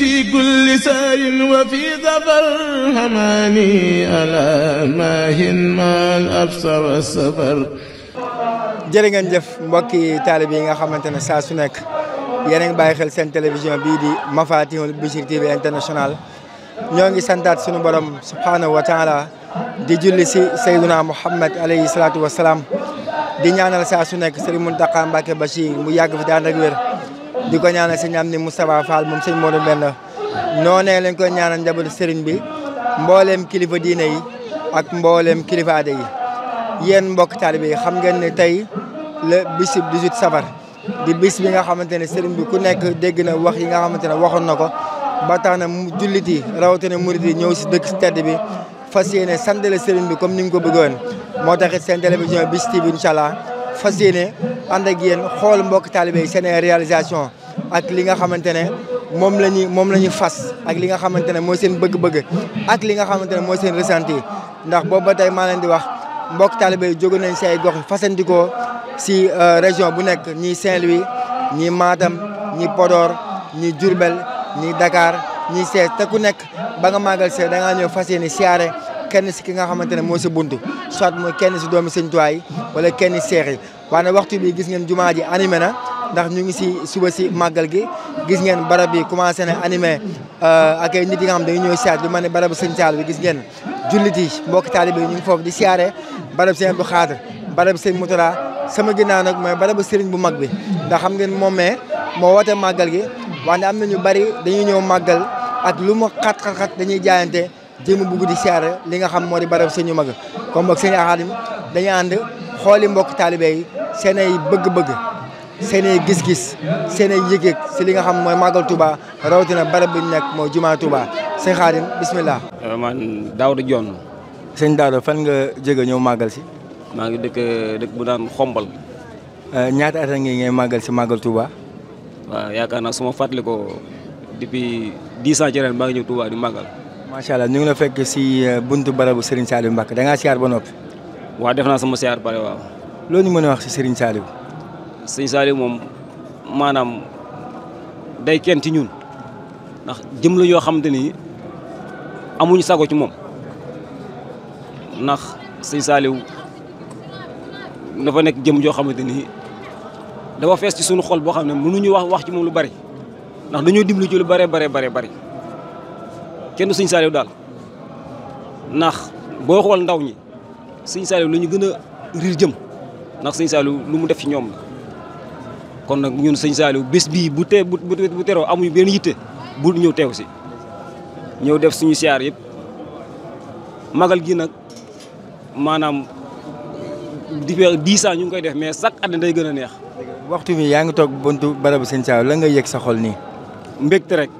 في كل سير وفي ظفر هماني ألا ماهن ما الأبصر yi nga xamante ne saa su nekk yéen bàyyi xel seen télévision bii di Mafatihul Bichri TV international ñoo ngi santaat sunu borom subhanahu wa di julli si sayduna Muhammad alayhi salaatu wa salaam di ñaanal saa su nekk Serigne Mountakha Mbacké Bachir mu yàgg fi daan ak wér di ko ñaanal sëñ am ni mu Moustapha Fall moom sëñ Modou Mbenda noonee lañ koy ñaanal njabootu sëriñ bi mbooleem kilifa diine yi ak mbooleem kilifa aada yi yéen mbokk taalibe yi xam ngeen ne tey le bisub 18 sabar di bis bi nga xamante ne sëriñ bi ku nekk dégg na wax yi nga xamante ne waxoon na ko ba tax na jullit yi rawatina murit yi ñëw si dëkk si tedd bi fas yéene sant la sëriñ bi comme ni mu ko bëggoon moo taxit seen télévision Biss TV incha allah fas yéene ànd ak yéen xool mbokk taalibe yi ak li nga xamante ne moom la ñu moom la ñu fas ak li nga xamante ne mooy seen bëgg-bëgg ak li nga xamante ne mooy seen ressenti ndax boobu ba tey maa leen di wax mbokk taalibe yi jóge nañ si ay gox fasandikoo si euh, région bu nekk ñii Saint-Louis ñi Matam ñi podoor ñii Diourbel ñii Dakar ñii Cees te ku nekk ba nga màggal see da ngaa ñëw fas yéene siyaare kenn si ki nga xamante ne moo si buntu soit moo kenn si doomi Sëñ Tuubaa wala kenn seex yi waaye waxtu bi gis ngeen jumaa ji animé na ndax ñu ngi si suba si màggal gi gis ngeen barab yi commencé na animé euh, ak ay nit yi nga xam dañu ñëw siyaar lu mel ne barabu sëñ Saal bi gis ngeen jullit yi mbokk taalibe yi ñu ngi foofu di siyaare barab sëñ Abdou Khadre barab sëñ Moutala sama ginnaaw nag mooy barabu sëriñ bu mag bi ndax xam ngeen moom mee moo woote màggal gi wante am na ñu bari dañuy ñëw màggal ak lu mu xat xat xat dañuy jaayante jéem a bugg di siyaare li nga xam moo di barab sëñu mag comme boog sëñ Xaadim dañuy ànd xooli mbokk taalibe yi seen ay bëgg-bëgg seen i gis-gis seen i yëg-yëg si li nga xam mooy màggal Touba rawatina bara bi ñu nekk mooy jumaa Touba sëñ Xaadim bismillah. Euh, man Daouda Dione. sëñ Daouda fan nga jege ñëw màggal si. maa ngi dëkk dëkk bu daan xombal. Euh, ñaata at ngi ngay màggal si màggal Touba. yaakaar naa su ma fàttalikoo depuis dix ans ci maa ngi ñëw Touba di màggal. macha allah ñu ngi la fekk si euh, buntu barabu Serigne Saliou Mbacke da ngaa siyaar ba noppi. waa def naa sama siyaar pare waaw. loolu ñu mën a wax si Serigne Saliou. sëñ Saliou moom maanaam day kenn ci ñun ndax jëm la yoo xamante ni amuñu sago ci moom ndax sëñ Saliou dafa nekk jëm joo xamante ni dafa fees ci suñu xol boo xam ne mënuñu wax wax ci moom lu bari ndax dañoo dimbali ci lu bare bare bare bari kenn du sëñ daal ndax boo xool ndaw ñi sëñ Saliou la ñu gën a riir jëm ndax sëñ Saliou lu mu def ci ñoom la kon nag ñun sëñ Saliou bés bii bu tee bu teroo amuñu benn yitte bu ñëw teew si ñëw def suñu siyaar yëpp magal gi nag maanaam di dix ans ñu ngi koy def mais chaque année day gën a neex. waxtu bi yaa ngi toog buntu barabu sëñ Saliou la nga yëg sa xol nii. mbégte rek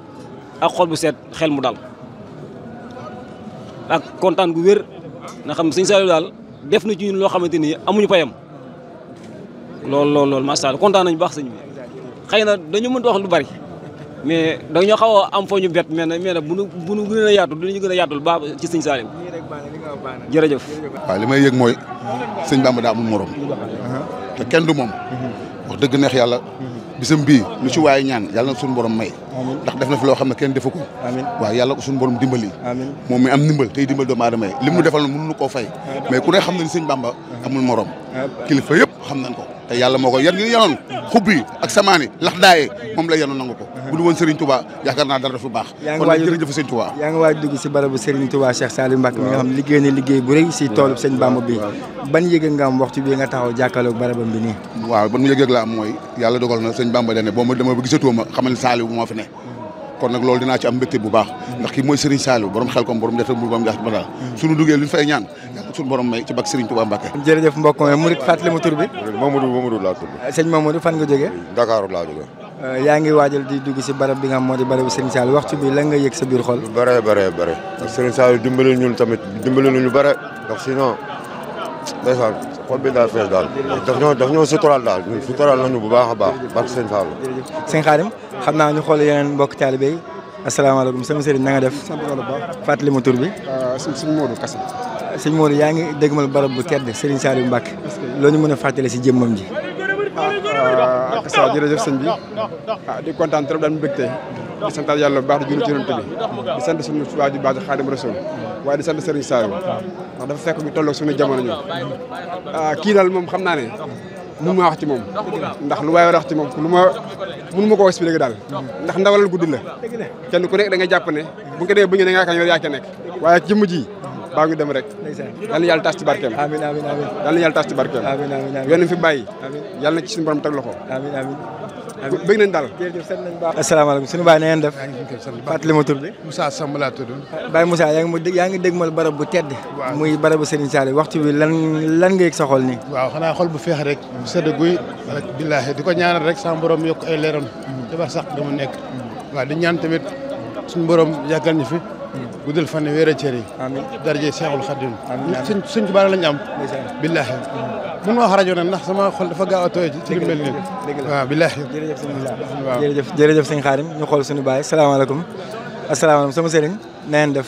ak xol bu set xel mu dal ak kontaan gu wér na xam sëñ Saliou daal def na ci ñun loo xamante ni amuñu payam. lool lool lool macha allah kontaan nañu baax sëñ bi xëy na dañu mënut wax lu bari mais dañoo xaw a am foo ñu bett mais nag mais nag bu nu bu nu gën a yaatu dinañu gën a yaatul baax ci sëñ Salim jërëjëf. waaw li may yëg mooy sëñ Bamba daa amul morom te kenn du moom wax dëgg neex yàlla bisam bii lu ci waaye ñaan yàlla na borom may. ndax def na fi loo xam ne kenn defu ko waaw yàlla ko suñu borom dimbali moom mi am ndimbal tey dimbal doomu aadama yi lim nu defal na ni sëñ nañ ko te yàlla moo ko yan ñu yanoon xubbi ak samaani lax daayee moom la yanoon nangu ko bu liggéey na liggéey bu rëy si toolub sëñ Bamba yàlla dogal na sëñ Bamba dane boo dama ba gisatoo ma xamal moo fi ne kon nag loolu dinaa ci am mbégte bu baax ndax kii mooy Serigne Saliou borom xel kom borom defal bu bam jax yaa ngi waajal di dugg si barab bi nga xam moo di barabu Serigne Saliou waxtu bi lan nga yëg sa biir xol bare bare bare Serigne Saliou dimbali ñun tamit dimbali ñu bare ndax sinon ndeysaan xol bi daal fees daal daf ñoo daf ñoo suturaal daal suturaal nañu bu baax a baax barke sëñ Fallou sëñ Xaadim xam naa ñu xool yeneen mbokk taalibe yi asalaamaaleykum sama sëriñ nanga def sant yàlla bu baax fàttali ma tur bi euh, sëñ Modou Kassé sëñ Modou yaa ngi dégmal barab bu tedd Serigne Saliou Mbacké loo ñu mën a fàttali si jëmmam ji ah euh, sa jërëjëf sëñ bi ah di kontaan trop daal mu bégte di santaat yàlla bu baax di julli ci Yonent bi di sant suñu waaju baax Xaadim Rasul waaye di sant Serigne Saliou ndax dafa fekk ñu tolloog suñu jamono ñu ah, kii daal moom xam naa ne mun ma wax ci moom ndax lu waay war a wax ci moom lu ma mënu ma koo expliqué daal ndax ndawalal guddi la kenn ku nekk da nga jàpp ne bu ko dee bu ñu da nga kañ yor yaa nekk waaye jëmm ji baa ngi dem rek yal na yàlla tas ci barkeem amiin amiin amiin yal na yàlla tas ci barkeem amiin fi bàyyi yal ci suñu borom teg loxo amiin amiin bëgg nañ daal. jërëjëf sant nañ baax. asalaamaaleykum suñu baay na ngeen def. yaa ngi fi sant fàttali ma tur bi. Moussa Samb laa tudd. Baye Moussa yaa ngi ma yaa bu tedd. muy barabu Serigne Saliou waxtu bi lan lan nga yëg sa xol nii. waaw xanaa xol bu feex rek. bu sedd guy. rek di ko ñaanal rek sama boroom yokk ay leeram. Mm. te bar sax dama nekk. waaw di ñaan tamit suñu boroom yàggal ñu fi guddal fan yi wéer a cër yi darje Seexul Xadim suñ suñ ci baara lañu am billaahi mun wax rajo na ndax sama xol dafa gaaw a tooy ci lu mel nii waaw billaahi jërëjëf jërëjëf jërëjëf sëñ xool suñu baay salaamaaleykum asalaamaaleykum sama serin na ngeen def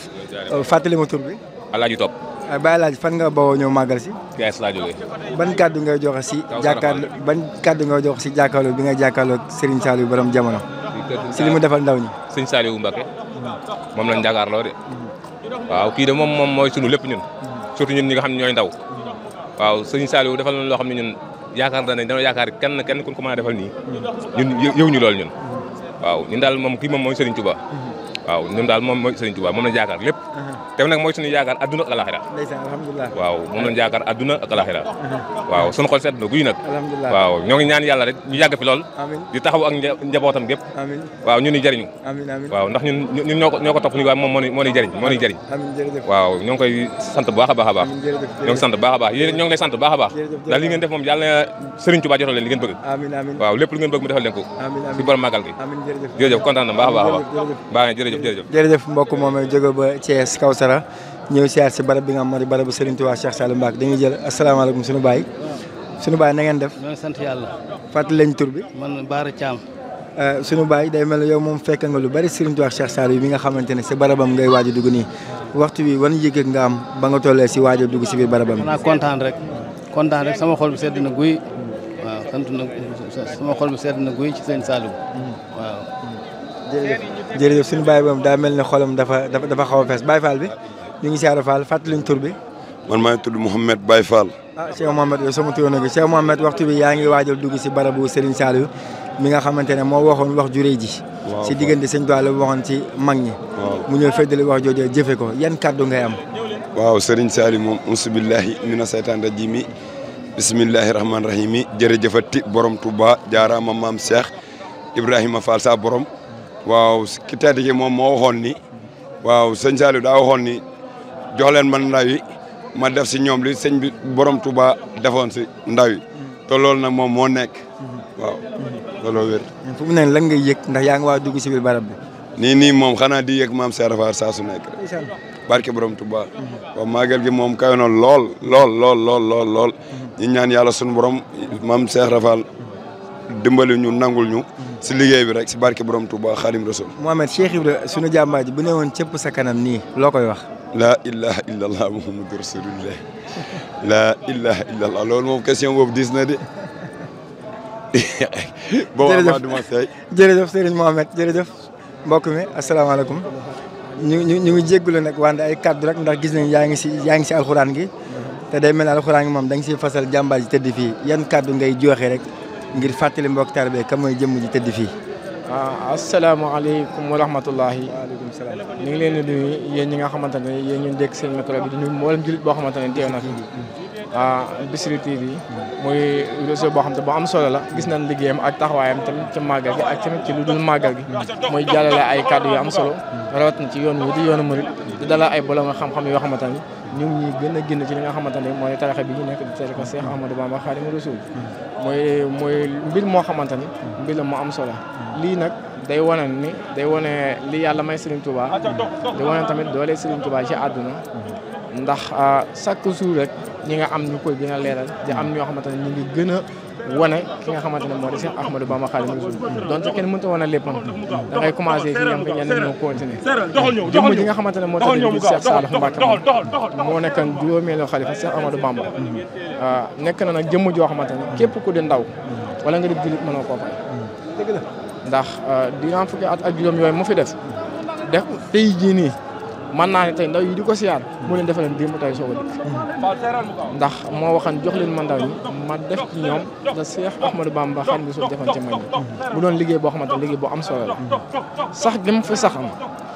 fàttali ma tur bi Alaaji Topp waaw bàyyi fan nga bawoo ñëw màggal si Thiès laa jógee ban kàddu ngay joxe si jàkkaarloo ban kàddu ngay joxe si jàkkaarloo bi nga jàkkaarloo Serigne Saliou borom jamono si li mu defal ndaw ñi sëñ Saliou Mbacké moom lañ jàkkaarloo de waaw kii de moom moom mooy sunu lépp ñun surtout ñun ñi nga xam ne ñooy ndaw waaw sëñ Saliou defal nañ loo xam ne ñun yaakaar danañ dañoo yaakaar kenn kenn ku ko mën a defal nii ñun yëw ñu lool ñun waaw ñun daal moom kii moom mooy Serigne Touba waaw ñun daal moom mooy Serigne Touba moom lañ yaakaar lépp te nag mooy suñu yaakaar adduna ak alaxira ndeysaan alhamdulilah waaw moom lañ yaakaar adduna ak alaxira waaw suñu sedd na guy nag alhamdulilah waaw ñoo ngi ñaan yàlla rek ñu yàgg fi lool di taxaw ak njabootam gépp waaw ñu ni jëriñu waaw ndax ñun ñun ñoo ko topp koy sant bu baax a baax a baax ñoo ngi sant bu baax a baax a ndax li ngeen def moom yàlla na Serigne Touba jotal leen li ngeen bëgg waaw lépp lu ngeen bëgg mu defal leen ko ci borom màggal gi jërëjëf kontaan na baax a baax a baax jërëjëf jërëjëf jërëjëf mbokk moom jóge ba Thiès Kawsara ñëw siyaar si barab bi nga xam moo di barabu Serigne Touba Cheikh Saliou Mbacké dañuy jël asalaamaaleykum suñu baay suñu baay na ngeen def ñoo sant yàlla fàttali lañ bi man Baara Thiam euh, sunu baay day mel ne yow moom fekk nga lu bari Serigne Touba Cheikh Saliou bi nga xamante ne si barabam ngay waaj a dugg nii waxtu bi wan yëg nga am ba nga tollee si waaj dugg si biir barabam xanaa kontaan rek kontaan rek sama xol bi sedd na guy waaw sant na sama xol bi sedd na guy ci Serigne Saliou mm-hmm. jërëjëf suñu bàyyi boobu daa mel ne xolam dafa dafa xaw a fees Baye Fall bi ñu ngi siyaare Fall fàttaliñ tur bi. man maa ngi tudd Mouhamed Baye Fall. ah Cheikh Mouhamed yow sama tuyoon nag Cheikh Mouhamed waxtu bi yaa ngi waajal dugg si barabu Serigne Saliou mi nga xamante ne moo waxoon wax juré ji. si diggante sëñ Tuubaa la waxoon ci mag ñi. mu ñëw feddali wax jooju jëfe ko yan kàddu ngay am. waaw Serigne Saliou moom auzubillahi mina saytaan rajim yi bismillahi rahmaani rahim yi jërëjëfati borom Touba jaaraama maam Cheikh Ibrahima Fall sa borom waaw ki tedd moom moo waxoon waaw sëñ Saliou daa waxoon ni jox leen man ndaw yi ma def si ñoom li sëñ bi borom Touba defoon si ndaw yi te loolu nag moom moo nekk waaw looloo wér. fu mu ne lan ngay yëg ndax yaa ngi waa dugg si biir barab bi. ni nii moom xanaa di yëg maam Cheikh Rafar saa su nekk barke borom Touba. waaw màggal gi moom kawe na lool lool lool lool ñaan yàlla sunu borom maam Cheikh Rafal dimbali ñu nangul ñu. si liggéey bi rek si barke borom Touba Xaadim Rasul. Mohamed Cheikh Ibra sunu jàmbaar ji bu ne woon cëpp sa kanam nii loo koy wax. laa ilaha illallah muhammadu rasulullah laa ilaha illallah lool moom question boobu diis na de. boo wax du ma seey jërëjëf Serigne Mohamed jërëjëf mbokk mi asalaamaaleykum. ñu ñu ñu ngi jégalu nag wante ay kaddu rek ndax gis nañu yaa ngi si yaa ngi si alxuraan gi. te day mel ne alxuraan gi moom da nga siy fasal jàmbaar ji tëdd fii yan kaddu ngay joxe rek. ngir fàttali mbokk taalibe ka mooy jëmm ji tëdd fii. waaw ah, asalaamaaleykum wa rahmatullahi. waaleykum salaam ñu ngi leen di yéen ñi nga xamante ne yéen ñu dégg seen micro bi di nuyu mboolem boo xamante ne teew na fi. Bichri TV muy réseau boo xam te boo am solo la gis nañ liggéeyam ak taxawaayam tamit ci màggal gi ak tamit ci lu dul màggal gi muy jàllale ay kàddu yu am solo rawat na ci yoon wi di yoonu murit di dalal ay borom nga xam-xam yoo xamante ni ñu gën a génn ci li nga xamante ne mooy tarixa bi ñu nekk di tarixa Cheikh Ahmadou Bamba Khadimu Rasul mooy mooy mbir moo xamante ni mbir la mu am solo lii nag day wane ni day wane li yàlla may Serigne Touba di tamit doole Serigne Touba ci àdduna ndax chaque ñi nga am ñu koy gën a leeral di am ñoo xamante ne ñu ngi gën a wane ki nga xamante ne moo di Cheikh Ahmadou Bamba Khadimu Rasul donte kenn mënta wane léppam da ngay commencé ci ñam fi ñenn ñoo continué jëmm ji nga xamante ne moo tax di Cheikh Saliou Mbacké moo nekkoon juróomeelu xalifa Cheikh Ahmadou Bamba ah, nekk na nag jëmm joo xamante ne képp ku di ndaw wala nga di julit mënoo koo ndax ah, di am fukki ak juróom yooyu mu fi def def tey jii nii man naa ne tey ndaw yi di ko siyaar mu leen defaleen démb tey soog a dikk ndax moo waxan jox leen ma ndaw ñi ma def ci ñoom da Seex Ahmadou Bamba xam ni suuf defan ci mag ñi mu doon liggéey boo xamante liggéey boo am solo la sax gi mu fi saxam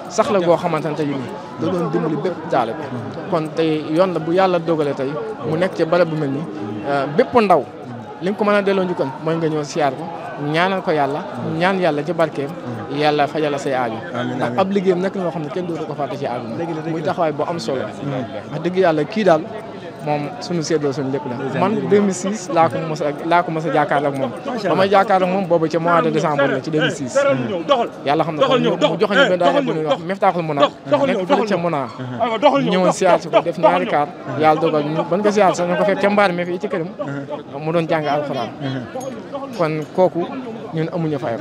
sax la goo xamante ne tey nii da doon dimbali bépp daale bi kon tey yoon la bu yàlla dogalee tey mu nekk ci barab bu mel ni euh, bépp ndaw li ko mën a delloo njukkal mooy nga ñëw siyaar ko ñaanal ko yàlla ñaan yàlla ci yàlla fajal la say aajo ndax ab liggéeyam nekk na xam ne kenn dootu ko fàtte ci àdduna muy taxawaay bu am solo mm. wax yàlla kii daal moom suñu seddoo suñu lépp la man 2006 laa ko mos a laa ko mos a jàkkaarloo ak moom ba may jàkkaarloo ak moom boobu ca mois de la xam ne mu jox ñu benn daane bu ñuy wax meftaaxul mun a nekk a ñëwoon siyaar si ko def ñaari kaar yàlla dogal ñu ban ko siyaar sax ñu ko fekk ca mbaar mi fii ci uh-huh. mu doon jàng alxuraan uh-huh. kon kooku ñun amuñu fayam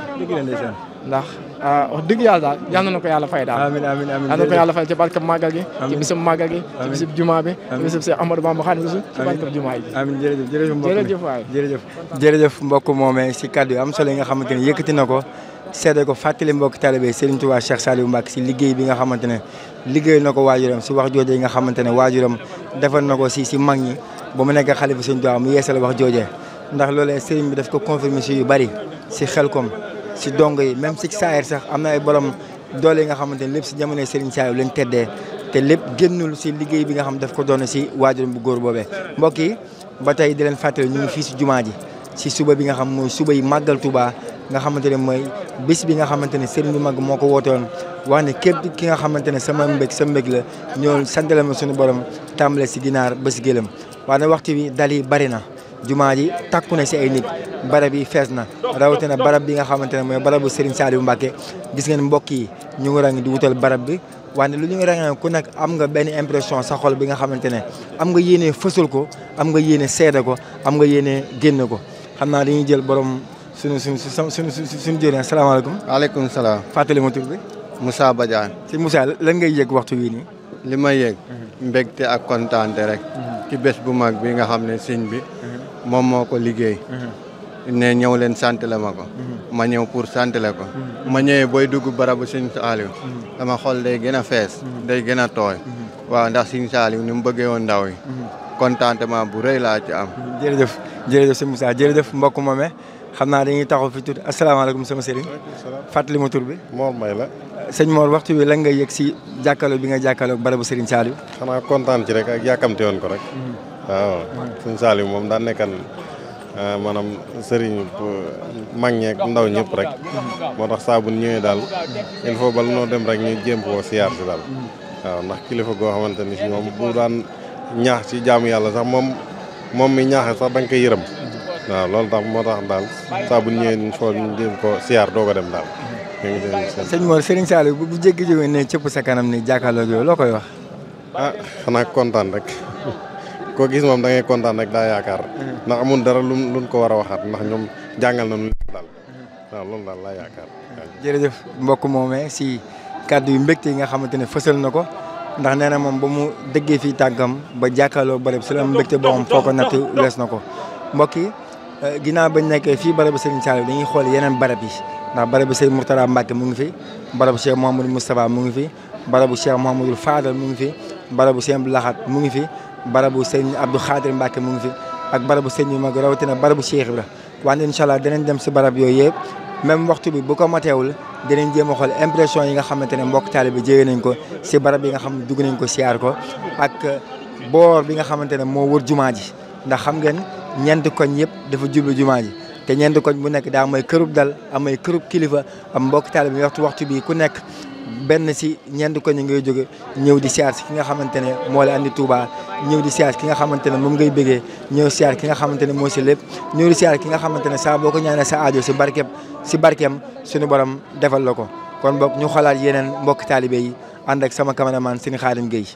ndax ah, wax dëgg yàlla daal yal na ko yàlla fay daal. amiin amiin amiin yal na ko yàlla fay ci barkab màggal gi. ci bisub màggal gi. ci bisub juma bi. ci bisub Seex Ahmadou Bamba Xaadimu Rasuul ci barkab juma yi. amiin jërëjëf jërëjëf mbokk mi jërëjëf waay jërëjëf. jërëjëf mbokk moomee si kàddu yi am solo yi nga xamante ne yëkkati na ko seede ko fàttali mbokk talibé Serigne Touba Cheikh Saliou Mbacké si liggéey bi nga xamante ne liggéey na ko waajuram si wax jooje yi nga xamante ne waajuram defal na ko si si mag ñi ba mu nekk xalifa Serigne Touba mu yeesal wax jooje ndax loolee Serigne bi daf ko confirmer si yu bari si xel kom si dong yi même si saayir sax am na ay borom doole yi nga xamante ne lépp si jamonoy Serigne Saliou lañ teddee te lépp génnul si liggéey bi nga xam daf ko doon si waajuram bu góor boobee. mbokk yi ba tey di leen fàttali ñu ngi fii si jumaa ji si suba bi nga xam mooy suba yi màggal tubaa nga xamante ne mooy bis bi nga xamante ne Serigne bu mag moo ko woote woon wax ne képp ki nga xamante ne sama mbég sa mbég la ñoo santale ma suñu borom tàmbale si ginaar ba si gëlëm waaye yi bari na. jumaa ji takku na si ay nit barab yi fees na rawatina barab bi nga xamante ne mooy barabu Serigne Saliou Mbacke gis ngeen mbokk yi ñu ngi di wutal barab bi wante lu ñu ngi rang ku nekk am nga benn impression sa xol bi nga xamante ne am nga yéene fësal ko am nga yéene seede ko am nga yéene génn ko xam naa dañuy jël borom suñu suñu suñu suñu jëriñ asalaamaaleykum. waaleykum salaam. fàttali ma tur bi. Moussa Badiane. si Moussa lan ngay yëg waxtu wii nii. li ma yëg. mbégte ak kontaante rek. Mhm. ci bés bu mag bi nga xam ne sëñ bi. Mhm. moom moo ko liggéey. Mhm. ne ñëw leen sant la ma ko. Mhm. ma ñëw pour sant la ko. Mhm. ma ñëwee booy dugg barabu Sëñ Saaliw. sama xol day gën a fees. day gën a tooy. waaw ndax si Sëñ Saaliw ni mu bëggee woon ndaw yi. contentement bu rëy laa ci am. jërëjëf jërëjëf sëñ Moussa jërëjëf mbokk moome xam naa dañuy taxaw fi tuuti asalaamaaleykum sama sëriñ. fàttali ma tur bi. moo May la. sëñ Mor waxtu bi la nga yëg si jàkkaarloo bi nga jàkkaarloo barabu Sëriñ Saaliw. xanaa kontaan ci rek ak yàkkamti woon ko rek. waaw sëñ moom daan nekkan euh, maanaam sëriñ mag ndaw ñëpp rek moo tax saa ñëwee daal il faut bala noo dem rek ñu jéem koo siyaar si daal waaw kilifa goo xamante ni si moom bu daan ñaax ci jaamu yàlla sax moom moom mi ñaaxe sax da nga yërëm waaw loolu tax moo tax daal saa bu ñëwee ñu xool ñu jéem koo siyaar doo ko dem daal sëñ Mor sëriñ Saliou bu jékki-jékki ne cëpp sa kanam ni jàkkaarloo ak loo koy wax ah xanaa kontaan rek koo gis moom da ngay kontaan rek daa yaakaar. ndax amul dara lu luñ ko war a waxaat ndax ñoom jàngal nañu la waaw loolu daal laa yaakaar. jërëjëf mbokk moomee si kàddu yi mbégte yi nga xamante ne fësal na ko ndax nee na moom ba mu dëggee fi tànkam ba jàkkaarloo barab si la mbégte boo xam foo ko natt wees na ko mbokk yi eh, ginnaaw bañ nekkee fii barabu Serigne Saliou dañuy xool yeneen barab yi ndax barabu Serigne Mourtada Mbacke mu ngi fi barabu Cheikh Mouhamadou Moustapha mu ngi fi barabu Cheikh Mouhamadou Fadal mu ngi fi barabu Cheikh Abdou Lahad mu ngi fi barabu sëñ Abdou Khadir Mbacke mu ngi fi ak barabu sëñ yu mag rawatina barabu Cheikh Ibra wante incha allah danañ dem si barab yooyu yëpp même waxtu bi bu ko mateewul dinañ jéem a xool impression yi nga xamante ne mbokk taalibe jëwee nañ ko si barab yi nga xam ne dugg nañ ko siyaar ko ak boor bi nga xamante ne moo wër jumaa ji ndax xam ngeen ñeenti koñ yëpp dafa jublu jumaa ji te ñeenti koñ bu nekk daa amay kërub dal amay kërub kilifa am mbokk taalibe waxtu waxtu bi ku nekk benn si ñeenti koñ ngay jóge ñëw di siyaar si ki nga xamante ne moo la andi Touba ñëw di siyaar ki nga xamante ne moom ngay bëggee ñëw siyaar ki nga xamante ne moo si lépp ñëw di siyaar ki nga xamante ne saa boo ko ñaanee sa ajo si barkeem si barkeem suñu borom defal la ko kon boog ñu xoolaat yeneen mbokk taalibe yi ànd ak sama cameraman Serigne Khadim Gueye